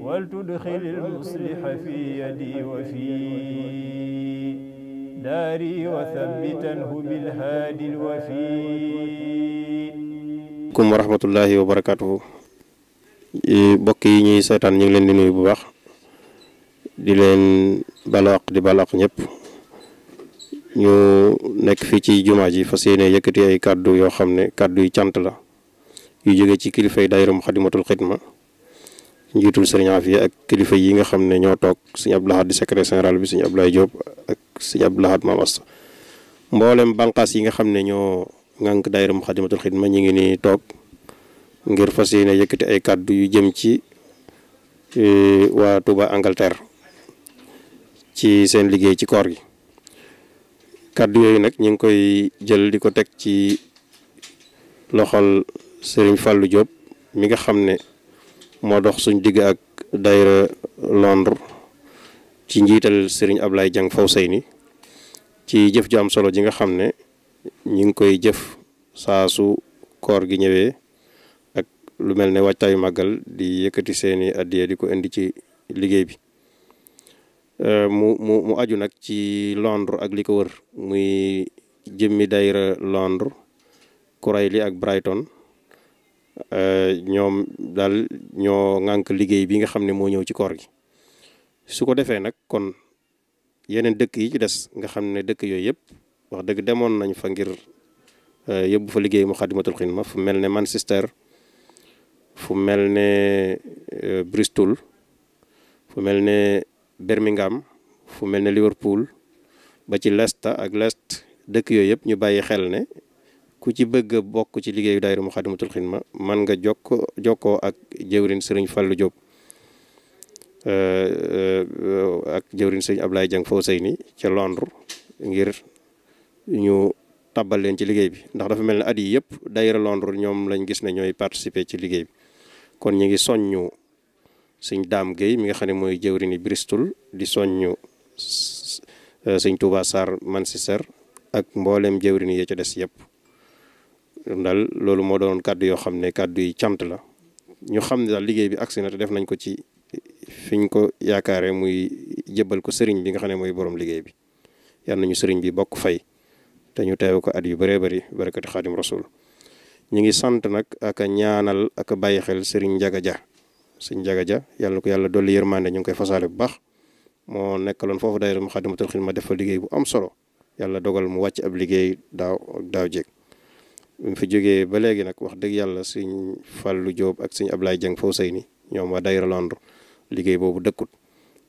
ولتدخل المصلح في يدي وفي داري وثبته بالهادي الوفي kum wa rahmatullahi wa barakatuhu mbokk yi ñuy seetaan ñu ngi leen di nuyu bu baax di leen balaq di balaq ñëpp ñu nekk fii ci jumaa ji fas yéene yëkkati ay kàddu yoo xam ne kàddu yu cant la yu jóge ci kilifay daayrum xadimatul xidma njiitul sëriñ Afia ak kilifa yi nga xam ne ñoo toog sëñ Abdou Lahad di secrétaire seneral bi sëñ Abdoulaye Diop ak sëñ Abdou Lahad Mame mboolem banqaas yi nga xam ne ñoo ŋànk daayira Moukhaddamatoul Khidma ñu ngi nii toog ngir fas yéene yëkkati ay kàddu yu jëm ci e, waa Touba Angleterre ci seen liggéey ci koor yi kàddu yooyu nag ñu ngi koy jël di ko teg ci loxol sëriñ Fallou Diop mi nga xam ne moo dox suñ digg ak daayira Londres ci njiital Serigne Ablaye Dieng Fawseyni ci jëf ju am solo ji nga xam ne ñu ngi koy jëf saa su koor gi ñëwee ak lu mel ne waajtaayu màggal di yëkkati seeni addiya di ko indi ci liggéey bi euh, mu mu mu aju nag ci Londres ak li ko wër muy jëmmi daayira Londres Kurayli ak Brighton Euh, ñoom daal ñoo ŋànk liggéey bi nga xam ne moo ñëw ci koor gi su ko defee nag kon yeneen dëkk yi ci des nga xam ne dëkk yooyu yëpp wax dëgg demoon nañ fa ngir euh, yóbbu fa liggéey mu xadimatul ma fu mel ne Manchester fu mel ne euh, Bristol fu mel ne Birmingham fu mel ne Liverpool ba ci lest ak lest dëkk yooyu yëpp ñu bàyyi xel ne ku ci bëgg bokk ci liggéey liggéeyu daayira Muxaddamatul Xidma man nga jokk jokkoo ak jëwrin sëriñ Fallou Diop euh, euh, ak jëwrin sëriñ Ablaye Dieng Fawzeyni ca Londres ngir ñu tabbal leen ci liggéey bi ndax dafa mel ne at yi yëpp daayira ñoom lañ gis ne ñooy participer ci liggéey bi kon ñu ngi soññu sëñ daam géey mi nga xam ne mooy jëwrini Bristol di soññu sëñ Touba Sarr Manchester ak mbooleem jëwrin yi ca des yëpp daal loolu moo doon kàddu yoo xam ne kàddu yi cant la ñu xam ne daal liggéey bi agsi na te def nañ ko ci fiñ ko yaakaare muy jëbal ko sëriñ bi nga xam ne mooy borom liggéey bi yal nañu sëriñ bi bokk fay te ñu teew ko at yu bëree bëri barakati xaadim rasul ñu ngi sant nag ak ñaanal ak bàyyi xel sëriñ Njaga Ja sëriñ Njaga Ja yalla ko yàlla dolli yërmande ñu ngi koy fasaale bu baax moo nekkaloon foofu daayira mu xaadimatul ma def fa liggéey bu am solo yàlla dogal mu wàcc ab liggéey daaw daaw jéeg mu fi jógee ba léegi nag wax dëgg yàlla fal lu Diop ak suñ Ablaye Dieng Fawceyni ñoom waa Daayira Londres liggéey boobu dëkkut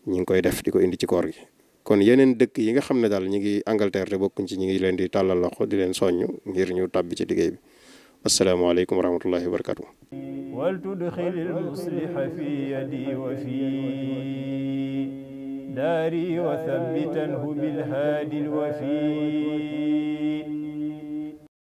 ñu ngi koy def di ko indi ci koor gi. kon yeneen dëkk yi nga xam ne daal ñu ngi Angleterre te bokkuñ ci ñu ngi leen di tàllal loxo di leen soññ ngir ñu tàbbi ci liggéey bi asalaamaaleykum wa rahmatullahi wa barakatuh wal tudxil musliha fi yadi wa fi daari wa thabbitanhu bilhaadi lwafi